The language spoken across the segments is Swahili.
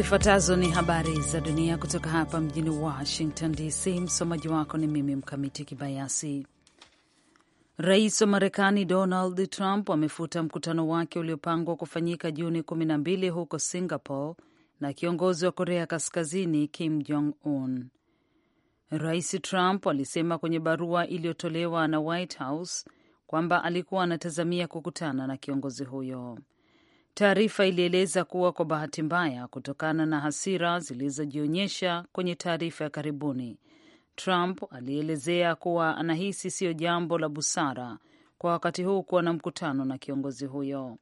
Zifuatazo ni habari za dunia kutoka hapa mjini Washington DC. Msomaji wako ni mimi Mkamiti Kibayasi. Rais wa Marekani Donald Trump amefuta mkutano wake uliopangwa kufanyika Juni kumi na mbili huko Singapore na kiongozi wa Korea Kaskazini Kim Jong Un. Rais Trump alisema kwenye barua iliyotolewa na White House kwamba alikuwa anatazamia kukutana na kiongozi huyo. Taarifa ilieleza kuwa kwa bahati mbaya, kutokana na hasira zilizojionyesha kwenye taarifa ya karibuni, Trump alielezea kuwa anahisi siyo jambo la busara kwa wakati huu kuwa na mkutano na kiongozi huyo.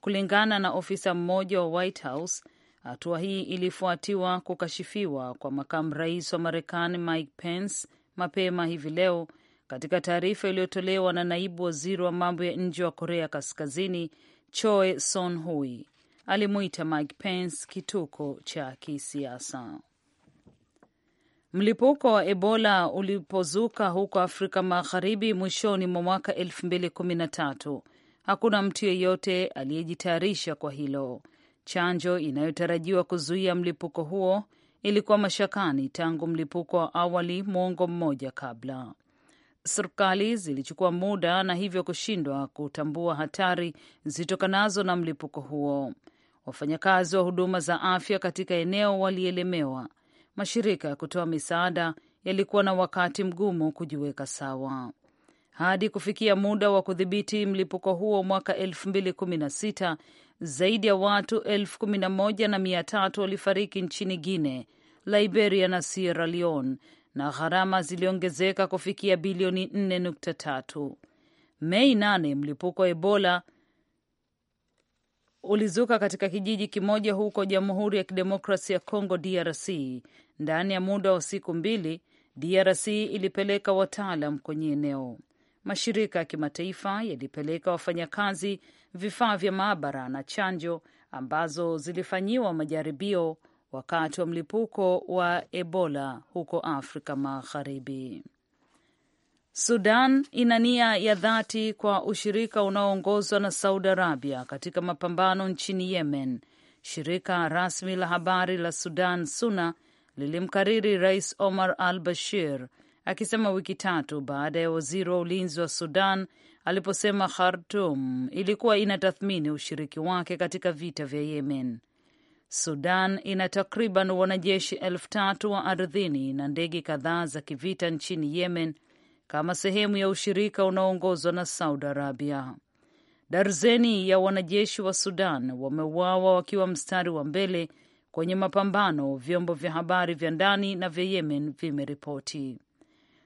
Kulingana na ofisa mmoja wa White House, hatua hii ilifuatiwa kukashifiwa kwa makamu rais wa Marekani Mike Pence mapema hivi leo katika taarifa iliyotolewa na naibu waziri wa mambo ya nje wa Korea Kaskazini Choe Son Hui alimuita Mike Pence kituko cha kisiasa. Mlipuko wa Ebola ulipozuka huko Afrika Magharibi mwishoni mwa mwaka elfu mbili kumi na tatu hakuna mtu yeyote aliyejitayarisha kwa hilo. Chanjo inayotarajiwa kuzuia mlipuko huo ilikuwa mashakani tangu mlipuko wa awali mwongo mmoja kabla serikali zilichukua muda na hivyo kushindwa kutambua hatari zitokanazo na mlipuko huo. Wafanyakazi wa huduma za afya katika eneo walielemewa. Mashirika ya kutoa misaada yalikuwa na wakati mgumu kujiweka sawa. Hadi kufikia muda wa kudhibiti mlipuko huo mwaka 2016 zaidi ya watu 11,300 walifariki nchini Guinea, Liberia na Sierra Leone na gharama ziliongezeka kufikia bilioni 4.3. Mei 8 mlipuko wa Ebola ulizuka katika kijiji kimoja huko Jamhuri ya Kidemokrasi ya congo DRC. Ndani ya muda wa siku mbili, DRC ilipeleka wataalam kwenye eneo. Mashirika ya kimataifa yalipeleka wafanyakazi, vifaa vya maabara na chanjo ambazo zilifanyiwa majaribio wakati wa mlipuko wa Ebola huko Afrika Magharibi. Sudan ina nia ya dhati kwa ushirika unaoongozwa na Saudi Arabia katika mapambano nchini Yemen. Shirika rasmi la habari la Sudan SUNA lilimkariri Rais Omar al Bashir akisema wiki tatu baada ya waziri wa ulinzi wa Sudan aliposema Khartum ilikuwa inatathmini ushiriki wake katika vita vya Yemen. Sudan ina takriban wanajeshi elfu tatu wa ardhini na ndege kadhaa za kivita nchini Yemen kama sehemu ya ushirika unaoongozwa na Saudi Arabia. Darzeni ya wanajeshi wa Sudan wameuawa wakiwa mstari wa mbele kwenye mapambano, vyombo vya habari vya ndani na vya Yemen vimeripoti.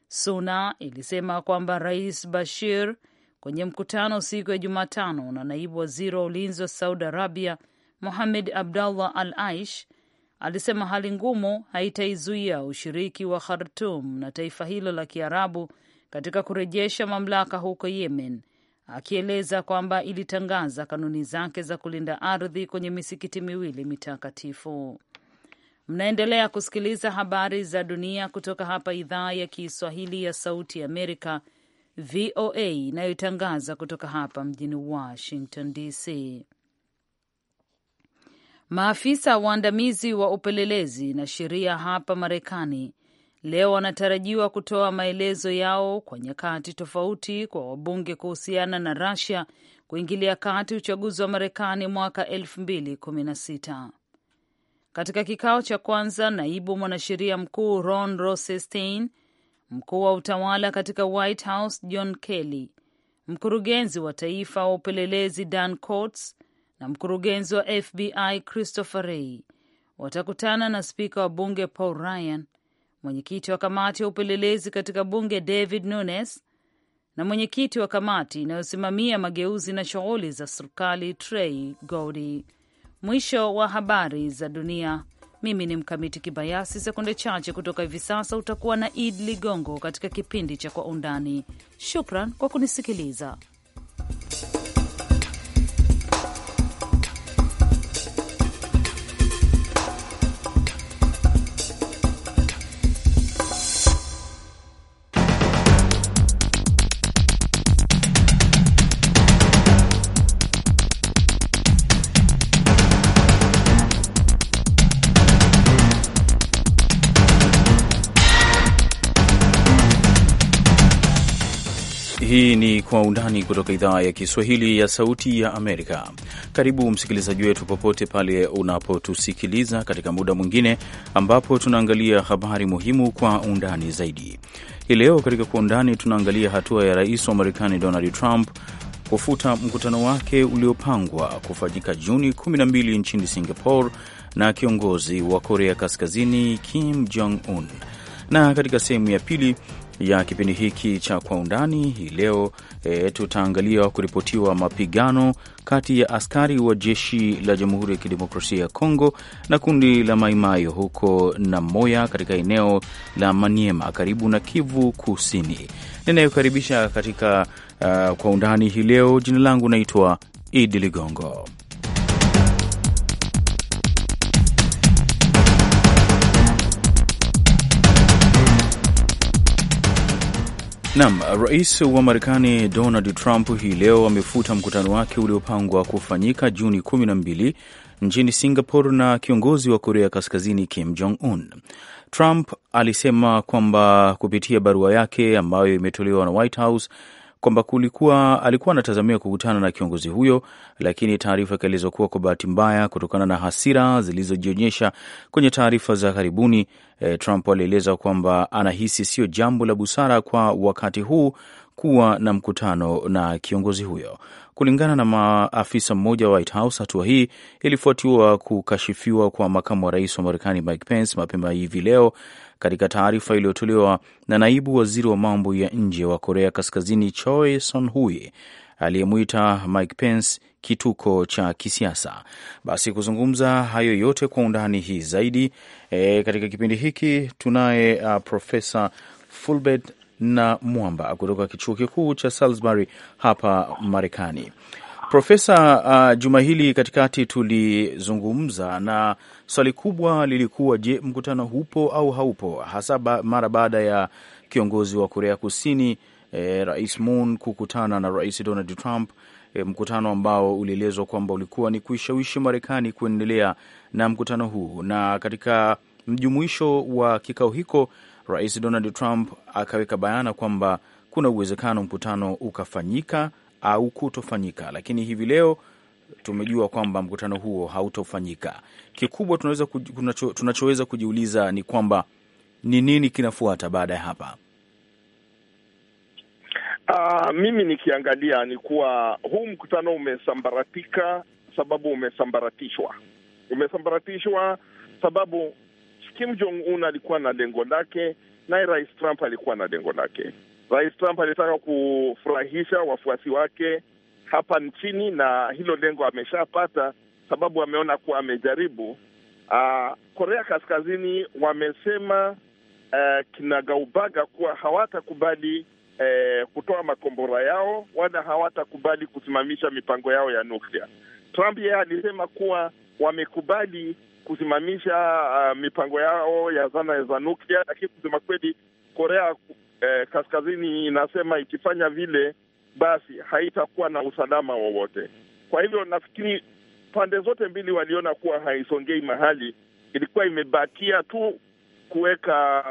Suna ilisema kwamba Rais Bashir kwenye mkutano siku ya Jumatano na naibu waziri wa ulinzi wa Saudi Arabia Mohamed Abdallah Al Aish alisema hali ngumu haitaizuia ushiriki wa Khartum na taifa hilo la Kiarabu katika kurejesha mamlaka huko Yemen, akieleza kwamba ilitangaza kanuni zake za kulinda ardhi kwenye misikiti miwili mitakatifu. Mnaendelea kusikiliza habari za dunia kutoka hapa idhaa ya Kiswahili ya Sauti ya Amerika, VOA, inayotangaza kutoka hapa mjini Washington DC. Maafisa waandamizi wa upelelezi na sheria hapa Marekani leo wanatarajiwa kutoa maelezo yao kwa nyakati tofauti kwa wabunge kuhusiana na Russia kuingilia kati uchaguzi wa Marekani mwaka 2016. Katika kikao cha kwanza, naibu mwanasheria mkuu Ron Rosenstein, mkuu wa utawala katika White House John Kelly, mkurugenzi wa taifa wa upelelezi Dan Coats na mkurugenzi wa FBI Christopher Wray watakutana na spika wa bunge Paul Ryan, mwenyekiti wa kamati ya upelelezi katika bunge David Nunes na mwenyekiti wa kamati inayosimamia mageuzi na shughuli za serikali Trey Gowdy. Mwisho wa habari za dunia. Mimi ni Mkamiti Kibayasi. Sekunde chache kutoka hivi sasa utakuwa na Id Ligongo katika kipindi cha Kwa Undani. Shukran kwa kunisikiliza. Kwa Undani kutoka idhaa ya Kiswahili ya Sauti ya Amerika. Karibu msikilizaji wetu popote pale unapotusikiliza katika muda mwingine ambapo tunaangalia habari muhimu kwa undani zaidi. Hii leo katika Kwa Undani tunaangalia hatua ya rais wa Marekani Donald Trump kufuta mkutano wake uliopangwa kufanyika Juni 12 nchini Singapore na kiongozi wa Korea Kaskazini Kim Jong Un na katika sehemu ya pili ya kipindi hiki cha Kwa Undani hii leo e, tutaangalia kuripotiwa mapigano kati ya askari wa jeshi la Jamhuri ya Kidemokrasia ya Kongo na kundi la Maimayo huko Namoya katika eneo la Maniema karibu na Kivu Kusini. Ninayokaribisha katika uh, Kwa Undani hii leo, jina langu naitwa Idi Ligongo. Nam, rais wa Marekani Donald Trump hii leo amefuta mkutano wake uliopangwa kufanyika Juni 12 nchini Singapore na kiongozi wa Korea Kaskazini Kim Jong Un. Trump alisema kwamba kupitia barua yake ambayo imetolewa na White House kwamba kulikuwa alikuwa anatazamia kukutana na kiongozi huyo, lakini taarifa ikaelezwa kuwa kwa bahati mbaya, kutokana na hasira zilizojionyesha kwenye taarifa za karibuni. E, Trump alieleza kwamba anahisi sio jambo la busara kwa wakati huu kuwa na mkutano na kiongozi huyo. Kulingana na maafisa mmoja wa White House, hatua hii ilifuatiwa kukashifiwa kwa makamu wa rais wa Marekani Mike Pence mapema hivi leo katika taarifa iliyotolewa na naibu waziri wa mambo ya nje wa Korea Kaskazini Choi Son-hui aliyemwita Mike Pence kituko cha kisiasa. Basi kuzungumza hayo yote kwa undani hii zaidi e, katika kipindi hiki tunaye uh, Profesa Fulbert na Mwamba kutoka kichuo kikuu cha Salisbury hapa Marekani. Profesa, uh, juma hili katikati tulizungumza na Swali kubwa lilikuwa je, mkutano hupo au haupo, hasa mara baada ya kiongozi wa Korea Kusini eh, Rais Moon kukutana na Rais Donald Trump eh, mkutano ambao ulielezwa kwamba ulikuwa ni kuishawishi Marekani kuendelea na mkutano huu. Na katika mjumuisho wa kikao hiko, Rais Donald Trump akaweka bayana kwamba kuna uwezekano mkutano ukafanyika au kutofanyika, lakini hivi leo tumejua kwamba mkutano huo hautofanyika. Kikubwa tunaweza kunacho, tunachoweza kujiuliza ni kwamba ni nini kinafuata baada ya hapa. Uh, mimi nikiangalia ni kuwa huu mkutano umesambaratika, sababu umesambaratishwa, umesambaratishwa sababu Kim Jong Un alikuwa na lengo lake, naye Rais Trump alikuwa na lengo lake. Rais Trump alitaka kufurahisha wafuasi wake hapa nchini, na hilo lengo ameshapata, sababu ameona kuwa amejaribu. Uh, Korea Kaskazini wamesema uh, kinagaubaga kuwa hawatakubali uh, kutoa makombora yao wala hawatakubali kusimamisha mipango yao ya nuklia. Trump yeye alisema kuwa wamekubali kusimamisha uh, mipango yao ya zana za nuklia, lakini kusema kweli Korea uh, Kaskazini inasema ikifanya vile basi haitakuwa na usalama wowote. Kwa hivyo nafikiri pande zote mbili waliona kuwa haisongei mahali, ilikuwa imebakia tu kuweka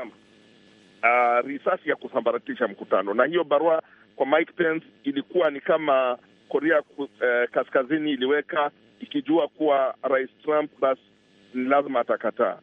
uh, risasi ya kusambaratisha mkutano, na hiyo barua kwa Mike Pence ilikuwa ni kama Korea uh, Kaskazini iliweka ikijua kuwa Rais Trump basi ni lazima atakataa.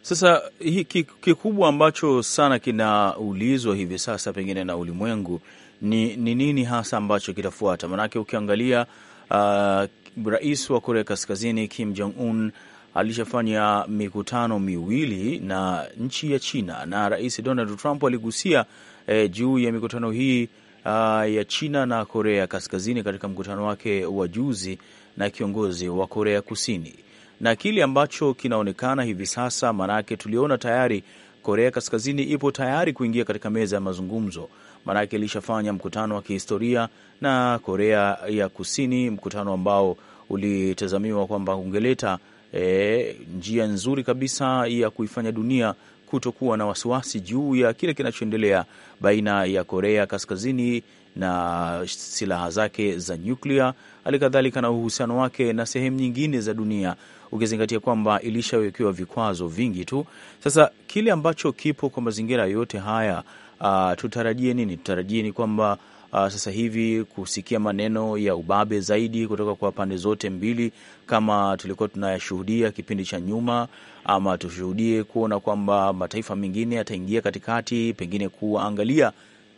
Sasa hiki kikubwa ambacho sana kinaulizwa hivi sasa pengine na ulimwengu ni, ni nini hasa ambacho kitafuata? Maanake ukiangalia uh, rais wa Korea Kaskazini Kim Jong Un alishafanya mikutano miwili na nchi ya China na Rais Donald Trump aligusia eh, juu ya mikutano hii uh, ya China na Korea Kaskazini katika mkutano wake wa juzi na kiongozi wa Korea Kusini, na kile ambacho kinaonekana hivi sasa, maanake tuliona tayari Korea Kaskazini ipo tayari kuingia katika meza ya mazungumzo maanake ilishafanya mkutano wa kihistoria na Korea ya Kusini, mkutano ambao ulitazamiwa kwamba ungeleta e, njia nzuri kabisa ya kuifanya dunia kutokuwa na wasiwasi juu ya kile kinachoendelea baina ya Korea Kaskazini na silaha zake za nyuklia, hali kadhalika na uhusiano wake na sehemu nyingine za dunia, ukizingatia kwamba ilishawekewa vikwazo vingi tu. Sasa kile ambacho kipo kwa mazingira yote haya uh, tutarajie nini? Tutarajie ni kwamba Uh, sasa hivi kusikia maneno ya ubabe zaidi kutoka kwa pande zote mbili kama tulikuwa tunayashuhudia kipindi cha nyuma, ama tushuhudie kuona kwamba mataifa mengine yataingia katikati, pengine kuangalia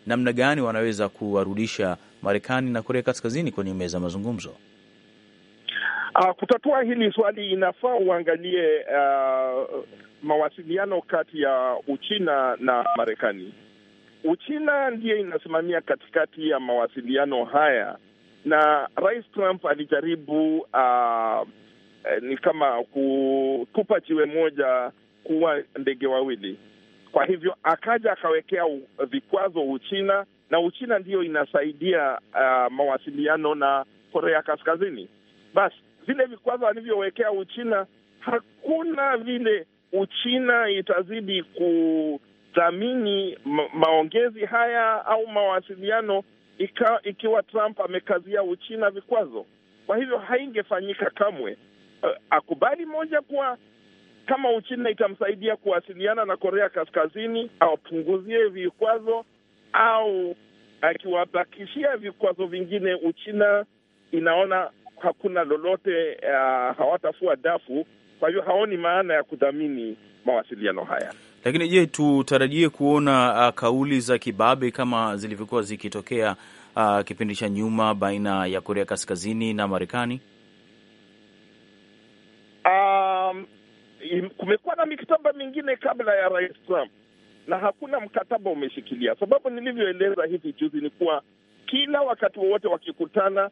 namna gani wanaweza kuwarudisha Marekani na Korea Kaskazini kwenye meza mazungumzo. Uh, kutatua hili swali inafaa uangalie uh, mawasiliano kati ya Uchina na Marekani. Uchina ndiyo inasimamia katikati ya mawasiliano haya, na Rais Trump alijaribu uh, eh, ni kama kutupa jiwe moja kuwa ndege wawili. Kwa hivyo akaja akawekea vikwazo Uchina, na Uchina ndiyo inasaidia uh, mawasiliano na Korea Kaskazini. Basi vile vikwazo alivyowekea Uchina, hakuna vile Uchina itazidi ku kudhamini maongezi haya au mawasiliano ika, ikiwa Trump amekazia Uchina vikwazo. Kwa hivyo haingefanyika kamwe. Uh, akubali moja kuwa kama Uchina itamsaidia kuwasiliana na Korea Kaskazini, awapunguzie vikwazo au akiwabakishia vikwazo vingine, Uchina inaona hakuna lolote, uh, hawatafua dafu. Kwa hivyo haoni maana ya kudhamini mawasiliano haya. Lakini je, tutarajie kuona uh, kauli za kibabe kama zilivyokuwa zikitokea uh, kipindi cha nyuma baina ya Korea Kaskazini na Marekani? Um, kumekuwa na mikataba mingine kabla ya Rais Trump na hakuna mkataba umeshikilia. Sababu nilivyoeleza hivi juzi ni kuwa kila wakati wowote wakikutana,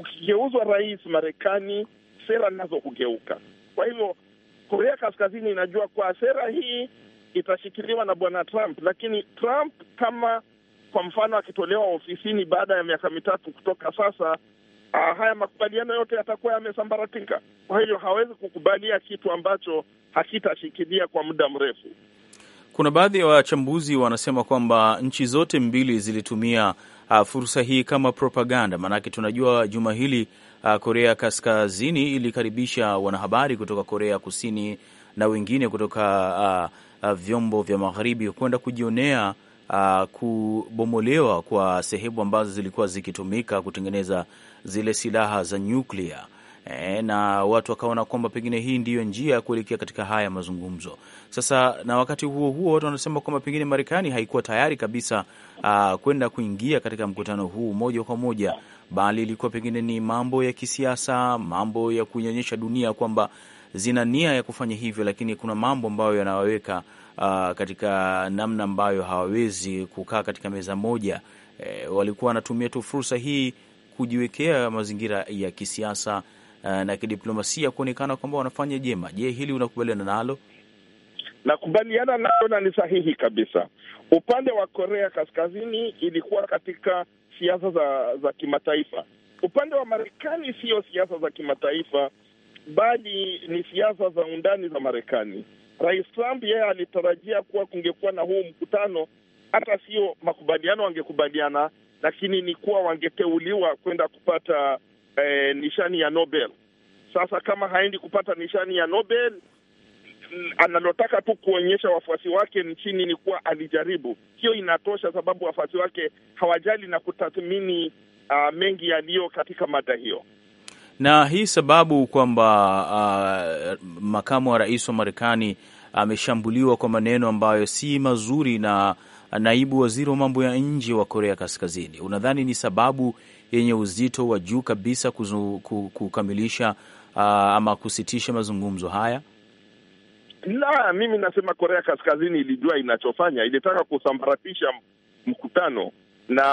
ukigeuzwa rais Marekani, sera nazo hugeuka. Kwa hivyo Korea Kaskazini inajua kwa sera hii itashikiliwa na bwana Trump, lakini Trump kama kwa mfano akitolewa ofisini baada ya miaka mitatu kutoka sasa, uh, haya makubaliano yote yatakuwa yamesambaratika. Kwa hiyo hawezi kukubalia kitu ambacho hakitashikilia kwa muda mrefu. Kuna baadhi ya wa wachambuzi wanasema kwamba nchi zote mbili zilitumia uh, fursa hii kama propaganda, maanake tunajua juma hili uh, Korea Kaskazini ilikaribisha wanahabari kutoka Korea Kusini na wengine kutoka uh, uh, vyombo vya magharibi kwenda kujionea uh, kubomolewa kwa sehemu ambazo zilikuwa zikitumika kutengeneza zile silaha za nyuklia. Eh, na watu wakaona kwamba pengine hii ndiyo njia ya kuelekea katika haya mazungumzo sasa. Na wakati huo huo watu wanasema kwamba pengine Marekani haikuwa tayari kabisa uh, kwenda kuingia katika mkutano huu moja kwa moja, bali ilikuwa pengine ni mambo ya kisiasa, mambo ya kunyonyesha dunia kwamba zina nia ya kufanya hivyo, lakini kuna mambo ambayo yanawaweka uh, katika namna ambayo hawawezi kukaa katika meza moja. E, walikuwa wanatumia tu fursa hii kujiwekea mazingira ya kisiasa uh, na kidiplomasia kuonekana kwamba wanafanya jema. Je, hili unakubaliana nalo? Nakubaliana nalo na ni sahihi kabisa. Upande wa Korea Kaskazini ilikuwa katika siasa za za kimataifa. Upande wa Marekani siyo siasa za kimataifa, bali ni siasa za undani za Marekani. Rais Trump yeye alitarajia kuwa kungekuwa na huu mkutano, hata sio makubaliano wangekubaliana, lakini ni kuwa wangeteuliwa kwenda kupata eh, nishani ya Nobel. Sasa kama haendi kupata nishani ya Nobel, analotaka tu kuonyesha wafuasi wake nchini ni kuwa alijaribu. Hiyo inatosha, sababu wafuasi wake hawajali na kutathmini uh, mengi yaliyo katika mada hiyo na hii sababu kwamba uh, makamu wa rais wa Marekani ameshambuliwa kwa maneno ambayo si mazuri na naibu waziri wa mambo ya nje wa Korea Kaskazini, unadhani ni sababu yenye uzito wa juu kabisa kuzu, kukamilisha uh, ama kusitisha mazungumzo haya? La, mimi nasema Korea Kaskazini ilijua inachofanya, ilitaka kusambaratisha mkutano na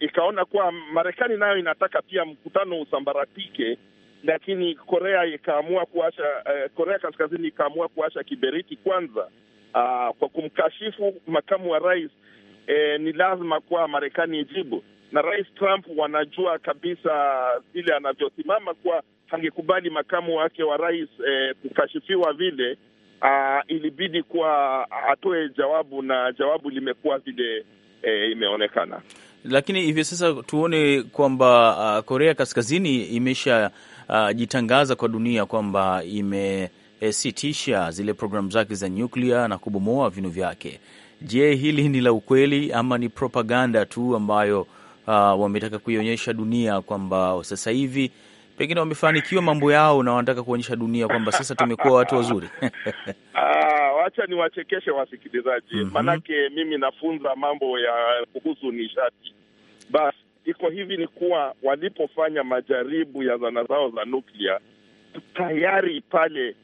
ikaona kuwa Marekani nayo inataka pia mkutano usambaratike, lakini Korea ikaamua kuasha eh, Korea Kaskazini ikaamua kuasha kiberiti kwanza. Uh, kwa kumkashifu makamu wa rais eh, ni lazima kuwa Marekani ijibu, na Rais Trump wanajua kabisa vile anavyosimama kuwa hangekubali makamu wake wa rais eh, kukashifiwa vile. Uh, ilibidi kuwa atoe jawabu na jawabu limekuwa vile e, imeonekana. Lakini hivi sasa tuone kwamba uh, Korea Kaskazini imesha uh, jitangaza kwa dunia kwamba imesitisha zile programu zake za nyuklia na kubomoa vinu vyake. Je, hili ni la ukweli ama ni propaganda tu ambayo uh, wametaka kuionyesha dunia kwamba sasa hivi pengine wamefanikiwa mambo yao na wanataka kuonyesha dunia kwamba sasa tumekuwa watu wazuri. Ah, wacha niwachekeshe wasikilizaji mm -hmm. Manake mimi nafunza mambo ya kuhusu nishati, basi iko hivi ni kuwa walipofanya majaribu ya zana zao za nuklia tayari pale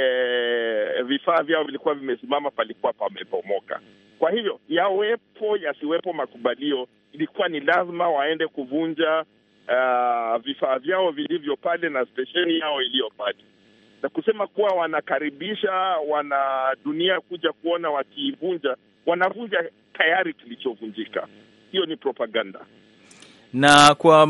e, vifaa vyao vilikuwa vimesimama, palikuwa pamepomoka. Kwa hivyo yawepo yasiwepo makubalio, ilikuwa ni lazima waende kuvunja uh, vifaa vyao vilivyo pale na stesheni yao iliyo pale, na kusema kuwa wanakaribisha wana dunia kuja kuona wakiivunja, wanavunja tayari kilichovunjika. Hiyo ni propaganda na kwa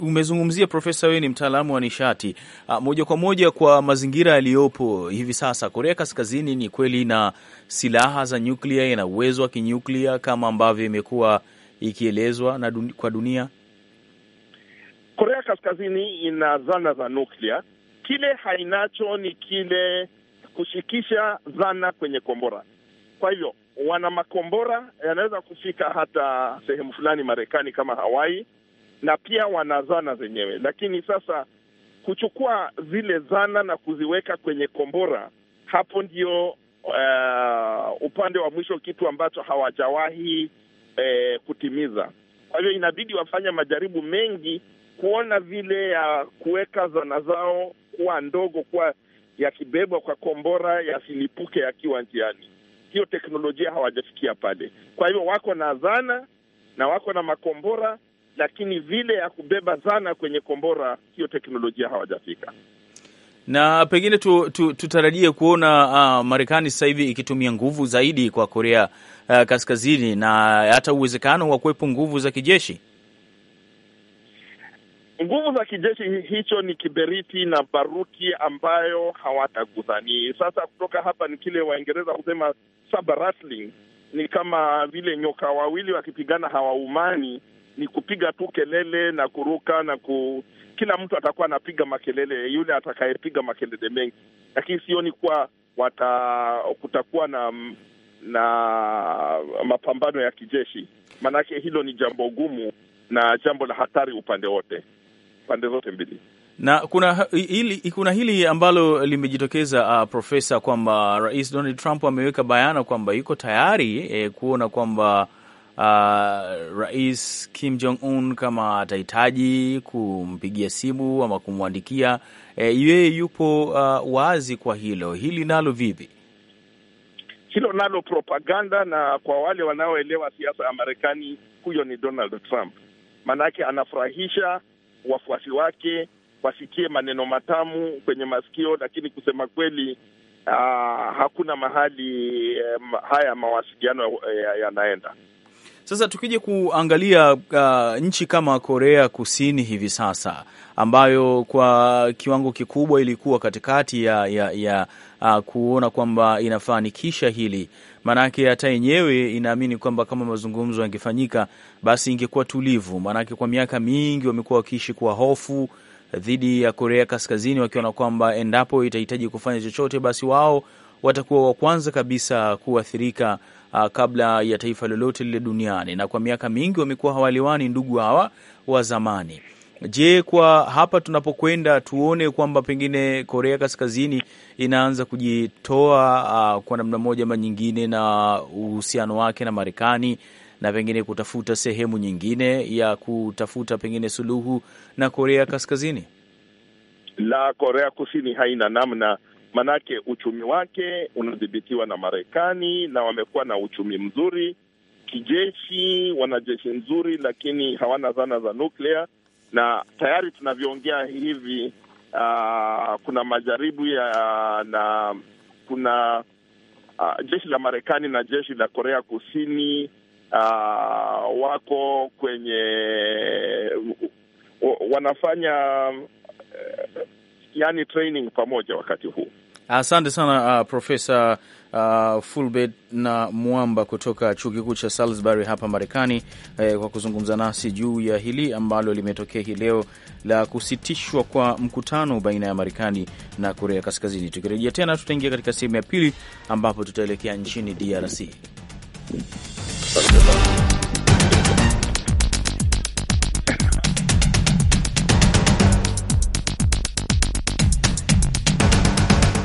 umezungumzia profesa, wewe ni mtaalamu wa nishati ah, moja kwa moja. Kwa mazingira yaliyopo hivi sasa, Korea Kaskazini ni kweli na silaha za nyuklia, ina uwezo wa kinyuklia kama ambavyo imekuwa ikielezwa na dun, kwa dunia Kaskazini ina zana za nuklia, kile hainacho ni kile kushikisha zana kwenye kombora. Kwa hivyo wana makombora yanaweza kufika hata sehemu fulani Marekani kama Hawaii, na pia wana zana zenyewe. Lakini sasa kuchukua zile zana na kuziweka kwenye kombora, hapo ndio uh, upande wa mwisho, kitu ambacho hawajawahi uh, kutimiza. Kwa hivyo inabidi wafanya majaribu mengi kuona vile ya kuweka zana zao kuwa ndogo, kuwa yakibebwa kwa kombora yasilipuke yakiwa njiani. Hiyo teknolojia hawajafikia pale. Kwa hivyo wako na zana na wako na makombora, lakini vile ya kubeba zana kwenye kombora, hiyo teknolojia hawajafika na pengine tu, tu, tutarajie kuona uh, Marekani sasa hivi ikitumia nguvu zaidi kwa Korea uh, Kaskazini na hata uwezekano wa kuwepo nguvu za kijeshi. Nguvu za kijeshi hicho ni kiberiti na baruti ambayo hawatagudhani. Sasa kutoka hapa ni kile Waingereza husema saber rattling, ni kama vile nyoka wawili wakipigana hawaumani, ni kupiga tu kelele na kuruka na ku, kila mtu atakuwa anapiga makelele, yule atakayepiga makelele mengi, lakini sioni kuwa wata kutakuwa na na mapambano ya kijeshi, maanake hilo ni jambo gumu na jambo la hatari upande wote pande zote mbili na kuna hili, kuna hili ambalo limejitokeza uh, Profesa, kwamba Rais Donald Trump ameweka bayana kwamba yuko tayari eh, kuona kwamba uh, Rais Kim Jong Un kama atahitaji kumpigia simu ama kumwandikia e, yeye, eh, yupo uh, wazi kwa hilo. Hili nalo vipi? Hilo nalo propaganda, na kwa wale wanaoelewa siasa ya Marekani, huyo ni Donald Trump, maanake anafurahisha wafuasi wake wasikie maneno matamu kwenye masikio, lakini kusema kweli Uh, hakuna mahali um, haya mawasiliano eh, yanaenda ya, ya sasa. Tukija kuangalia uh, nchi kama Korea Kusini hivi sasa ambayo kwa kiwango kikubwa ilikuwa katikati ya, ya, ya uh, kuona kwamba inafanikisha hili Maanake hata yenyewe inaamini kwamba kama mazungumzo yangefanyika basi ingekuwa tulivu, maanake kwa miaka mingi wamekuwa wakiishi kwa hofu dhidi ya Korea Kaskazini, wakiona kwamba endapo itahitaji kufanya chochote, basi wao watakuwa wa kwanza kabisa kuathirika uh, kabla ya taifa lolote lile duniani. Na kwa miaka mingi wamekuwa hawaelewani ndugu hawa wa zamani. Je, kwa hapa tunapokwenda tuone kwamba pengine Korea Kaskazini inaanza kujitoa uh, kwa namna moja ama nyingine na uhusiano wake na Marekani na pengine kutafuta sehemu nyingine ya kutafuta pengine suluhu na Korea Kaskazini? La, Korea Kusini haina namna, manake uchumi wake unadhibitiwa na Marekani na wamekuwa na uchumi mzuri kijeshi, wanajeshi nzuri, lakini hawana zana za nuklia na tayari tunavyoongea hivi uh, kuna majaribu ya na kuna uh, jeshi la Marekani na jeshi la Korea Kusini uh, wako kwenye wanafanya uh, yani training pamoja wakati huu. Asante sana uh, Profesa uh, Fulbert na Mwamba kutoka chuo kikuu cha Salisbury hapa Marekani eh, kwa kuzungumza nasi juu ya hili ambalo limetokea hii leo la kusitishwa kwa mkutano baina ya Marekani na Korea Kaskazini. Tukirejea tena, tutaingia katika sehemu ya pili ambapo tutaelekea nchini DRC.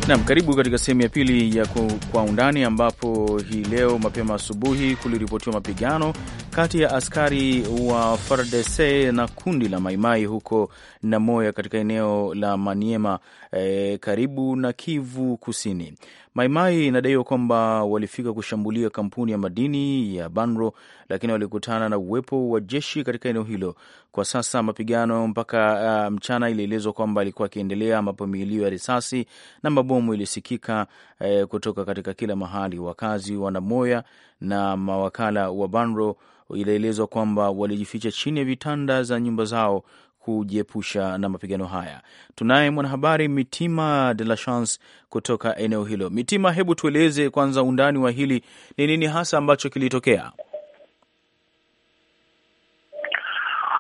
Nam, karibu katika sehemu ya pili ya Kwa Undani, ambapo hii leo mapema asubuhi kuliripotiwa mapigano kati ya askari wa FARDC na kundi la Maimai huko Namoya katika eneo la Maniema, eh, karibu na Kivu Kusini. Maimai inadaiwa kwamba walifika kushambulia kampuni ya madini ya Banro, lakini walikutana na uwepo wa jeshi katika eneo hilo. Kwa sasa mapigano mpaka uh, mchana, ilielezwa kwamba alikuwa akiendelea, ambapo milio ya risasi na mabomu ilisikika eh, kutoka katika kila mahali. Wakazi wanamoya na mawakala wa Banro ilielezwa kwamba walijificha chini ya vitanda za nyumba zao kujiepusha na mapigano haya. Tunaye mwanahabari Mitima de la Chance kutoka eneo hilo. Mitima, hebu tueleze kwanza undani wa hili, ni nini hasa ambacho kilitokea?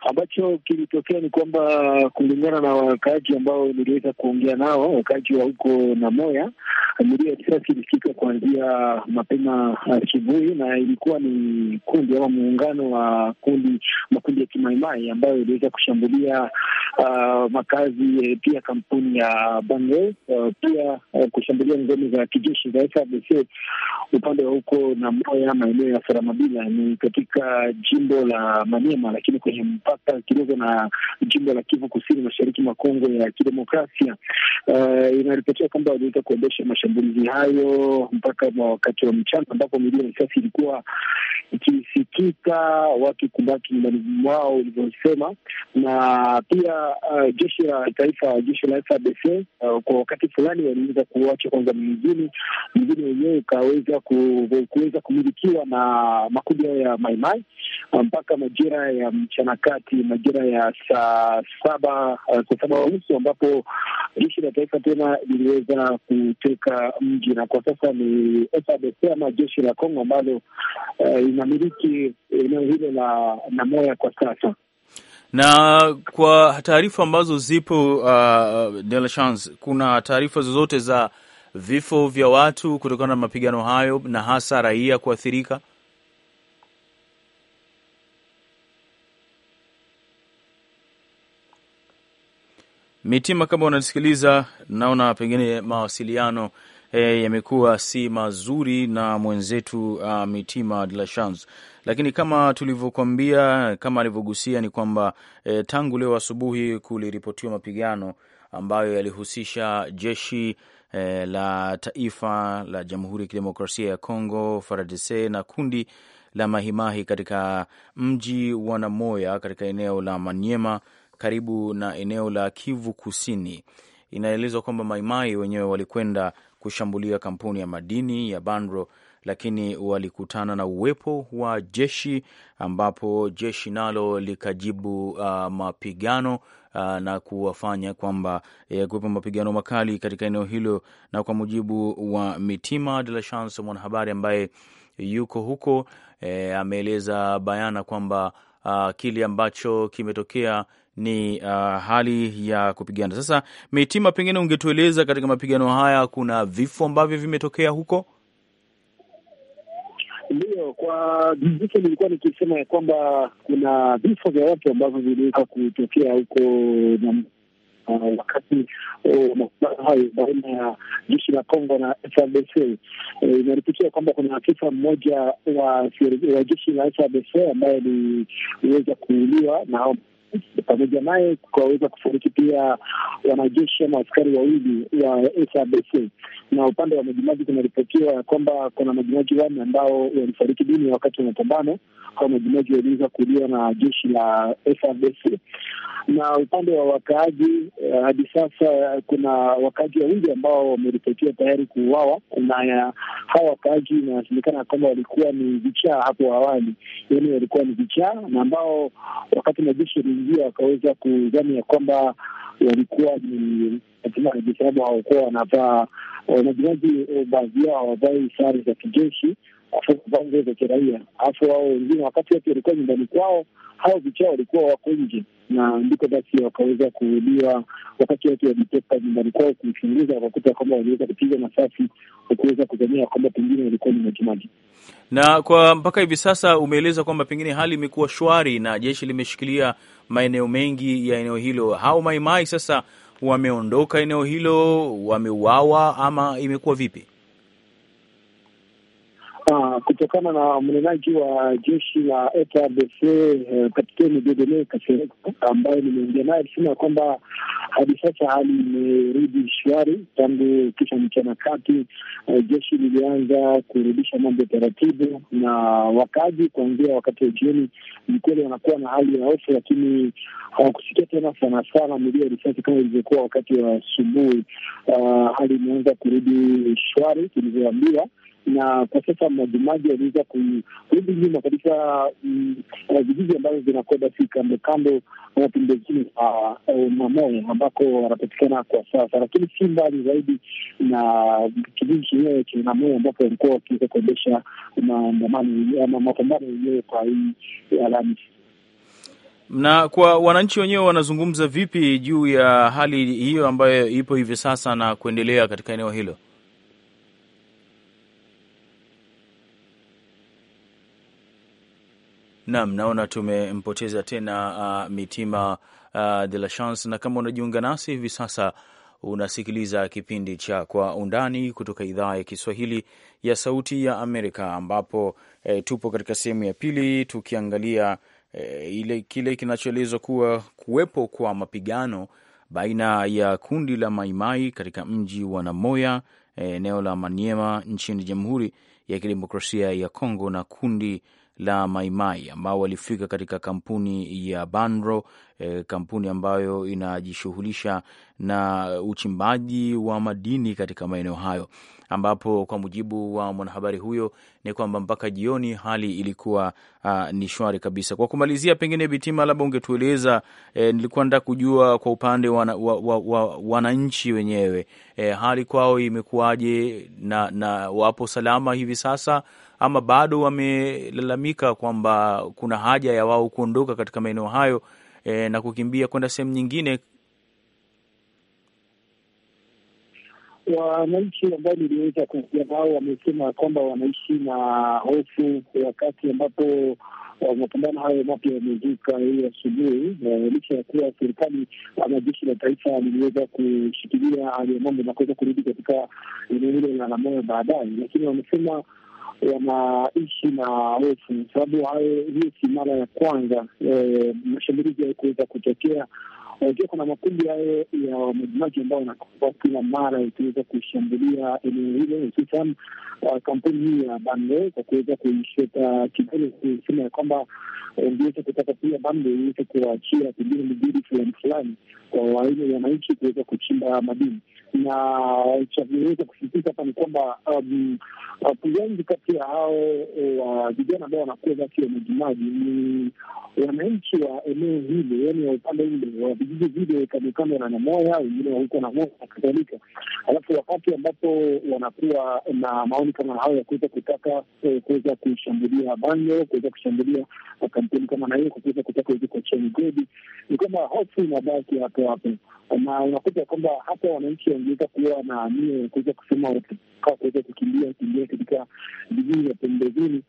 ambacho kilitokea ni kwamba kulingana na wakaaji ambao niliweza kuongea nao, wakaaji wa huko moya milio ya risasi ilisikika kuanzia mapema asubuhi, na ilikuwa ni kundi ama muungano wa kundi makundi ya Kimaimai ambayo iliweza kushambulia uh, makazi eh, pia kampuni ya Banwe uh, pia uh, kushambulia ngome za kijeshi za FARDC upande wa huko moya maeneo ya Saramabila ni katika jimbo la Maniema, lakini kwenye mpaka kidogo na jimbo la Kivu Kusini, mashariki mwa Kongo ya Kidemokrasia. Uh, inaripotiwa kwamba waliweza kuendesha mashambulizi hayo mpaka wakati wa mchana, ambapo milio risasi ilikuwa ikisikika, watu kubaki nyumbani mwao ulivyosema, na pia uh, jeshi la taifa, jeshi la FARDC uh, eh, kwa wakati fulani waliweza kuacha kwanza mjini, mjini wenyewe ukaweza kuweza kumilikiwa na makundi hayo ya maimai mpaka majira ya mchana kati wakati majira ya saa saba kwa eh, saba na nusu ambapo jeshi la taifa tena liliweza kuteka mji, na kwa sasa ni FARDC ama jeshi la Kongo ambalo eh, inamiliki eneo hilo la Namoya kwa sasa na kwa taarifa ambazo zipo uh, de la chance, kuna taarifa zozote za vifo vya watu kutokana na mapigano hayo na hasa raia kuathirika? Mitima, kama unasikiliza, naona pengine mawasiliano e, yamekuwa si mazuri na mwenzetu uh, Mitima de la Chance, lakini kama tulivyokuambia, kama alivyogusia ni kwamba e, tangu leo asubuhi kuliripotiwa mapigano ambayo yalihusisha jeshi e, la taifa la Jamhuri ya Kidemokrasia ya Kongo FARDC na kundi la Mahimahi katika mji wa Namoya katika eneo la Manyema karibu na eneo la Kivu Kusini. Inaelezwa kwamba Maimai wenyewe walikwenda kushambulia kampuni ya madini ya Banro, lakini walikutana na uwepo wa jeshi, ambapo jeshi nalo likajibu uh, mapigano uh, na kuwafanya kwamba eh, kuwepo mapigano makali katika eneo hilo. Na kwa mujibu wa Mitima de la Chance, mwanahabari ambaye yuko huko, eh, ameeleza bayana kwamba uh, kile ambacho kimetokea ni uh, hali ya kupigana. Sasa Mitima, pengine ungetueleza katika mapigano haya kuna vifo ambavyo vimetokea huko? ndio kwa jizike nilikuwa nikisema ya kwamba kuna vifo vya watu ambavyo viliweza kutokea huko na wakati eh, mapambano hayo baina ya jeshi la Kongo na FARDC. Eh, inaripotiwa kwamba kuna afisa mmoja wa jeshi la fbc ambaye aliweza kuuliwa na pamoja naye kukaweza kufariki pia wanajeshi ama askari wawili wa SABC. Na upande wa majimaji kunaripotiwa ya kwamba kuna majimaji wanne ambao walifariki dunia wakati wa mapambano, kwa majimaji waliweza kuuliwa na jeshi la SABC. Na upande wa wakaaji eh, hadi uh, sasa kuna wakaaji wawili ambao wameripotiwa tayari kuuawa, na hawa wakaaji inasemekana kwamba walikuwa ni vichaa hapo awali, yaani walikuwa ni vichaa na ambao wakati majeshi waliingia wakaweza kudhani ya kwamba walikuwa ni katika kwa sababu hawakuwa wanavaa wanajeshi, eh, baadhi yao hawavai sare za kijeshi afu za kiraia, afu ao wengine wakati wote walikuwa nyumbani kwao, hao vichaa walikuwa wako nje, na ndiko basi wakaweza kuuliwa wakati wote walitoka nyumbani kwao kuchunguza, wakakuta kwamba waliweza kupiga masasi wakuweza kuzania kwamba pengine walikuwa ni majimaji. Na kwa mpaka hivi sasa umeeleza kwamba pengine hali imekuwa shwari na jeshi limeshikilia maeneo mengi ya eneo hilo. Hao maimai sasa wameondoka eneo hilo, wameuawa ama imekuwa vipi? Uh, kutokana na mnenaji wa jeshi la frdc eh, Kapteni Dedene Kasereka ambaye nimeongea naye alisema ya kwamba hadi sasa hali imerudi shwari tangu kisha mchana kati. Uh, jeshi lilianza kurudisha mambo ya taratibu, na wakazi kuanzia wakati wa jioni ni kweli wanakuwa na hali ya hofu, lakini hawakusikia uh, tena sana sana milio ya risasi kama ilivyokuwa wakati wa asubuhi. Uh, hali imeanza kurudi shwari tulivyoambiwa na kwa sasa Majimaji aliweza kurudi nyuma katika mm, eh, vijiji ambazo zinakwenda si kando kando na eh, pembezoni mwa eh, ambako wanapatikana kwa sasa, lakini si mbali zaidi na kijiji chenyewe cha Mamoyo ambapo walikuwa wakiweza kuendesha maandamano ama mapambano yenyewe kwa hii Alhamisi na kwa wananchi wenyewe wanazungumza vipi juu ya hali hiyo ambayo ipo hivi sasa na kuendelea katika eneo hilo? Naam, naona tumempoteza tena uh, Mitima uh, de la Chance. Na kama unajiunga nasi hivi sasa, unasikiliza kipindi cha Kwa Undani kutoka idhaa ya Kiswahili ya Sauti ya Amerika, ambapo eh, tupo katika sehemu ya pili tukiangalia eh, ile kile kinachoelezwa kuwa kuwepo kwa mapigano baina ya kundi la Maimai katika mji wa Namoya eh, eneo eh, la Maniema nchini Jamhuri ya Kidemokrasia ya Kongo na kundi la Maimai ambao walifika katika kampuni ya Banro e, kampuni ambayo inajishughulisha na uchimbaji wa madini katika maeneo hayo, ambapo kwa mujibu wa mwanahabari huyo ni kwamba mpaka jioni hali ilikuwa uh, ni shwari kabisa. Kwa kumalizia, pengine Bitima, labda ungetueleza e, nilikuwa nataka kujua kwa upande wa wananchi wa, wa, wa, wenyewe e, hali kwao imekuwaje na, na wapo salama hivi sasa ama bado wamelalamika kwamba kuna haja ya wao kuondoka katika maeneo hayo e, na kukimbia kwenda sehemu nyingine? Wananchi ambao niliweza kuongea nao wamesema kwamba wanaishi na hofu wakati ambapo uh, mapambano hayo mapya yamezuka hii asubuhi, licha ya kuwa serikali ama jeshi la taifa liliweza kushikilia hali ya mambo na kuweza kurudi katika eneo hilo la Lamoya baadaye, lakini wamesema wanaishi na hofu, sababu hiyo si mara ya kwanza e, mashambulizi hayakuweza kutokea Najua eh, kuna makundi hayo ya wamajimaji ambao wanakoa kila mara ikiweza kushambulia eneo hilo, hususan uh, kampuni hii ya Bande kwa kuweza kuisheta kidole, kusema ya kwamba wangiweza eh, kutaka pia Bande iweze kuwaachia pengine migodi fulani fulani kwa wale wananchi kuweza kuchimba madini na chaviweza kusisitiza hapa ni kwamba um, pujanji kati ya hao eh, wa vijana ambao wanakuwa basi wamajimaji ni wananchi wa eneo hilo, yani wa upande ule vile vile kandokando na Namoya, wengine wa huko Namoya na kadhalika. Alafu wakati ambapo wanakuwa na maoni kama hayo ya kuweza kutaka eh, kuweza kushambulia Banyo, kuweza kushambulia eh, kampeni kama na hiyo, kuweza kutaka hizi kuachia migodi, ni kwamba hofu inabaki hapo hapo, na unakuta kwamba hata wananchi wangeweza kuwa na nia ya kuweza kusema kuweza kukimbia kimbia katika vijiji vya pembezini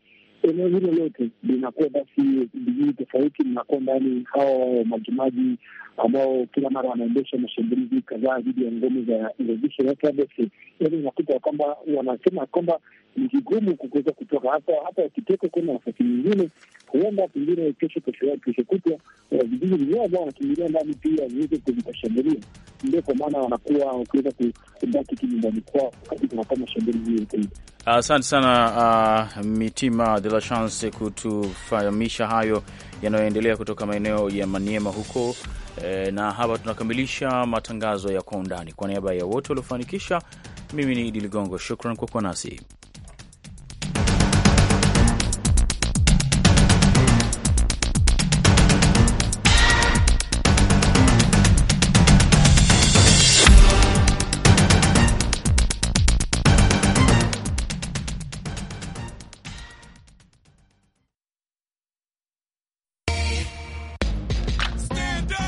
eneo hilo lote linakuwa basi vijiji tofauti, linakuwa ndani hawa majimaji ambao kila mara wanaendesha mashambulizi kadhaa dhidi ya ngome za jeshi la FARDC. Yani unakuta kwamba wanasema kwamba ni vigumu kuweza kutoka hata hata wakiteka kwenda nafasi nyingine, huenda pengine kesho kesho kutwa eh, vijiji ambao wanakimbilia ndani pia viweze kuvikashambulia, ndio kwa maana wanakuwa wakiweza kubaki kinyumbani kwao wakati kunafanya shambuli hiyo. Asante uh, sana uh, Mitima de la Chance kutufahamisha hayo yanayoendelea kutoka maeneo ya Maniema huko eh, na hapa tunakamilisha matangazo ya kwa undani. Kwa niaba ya wote waliofanikisha, mimi ni Idi Ligongo, shukran kwa kuwa nasi.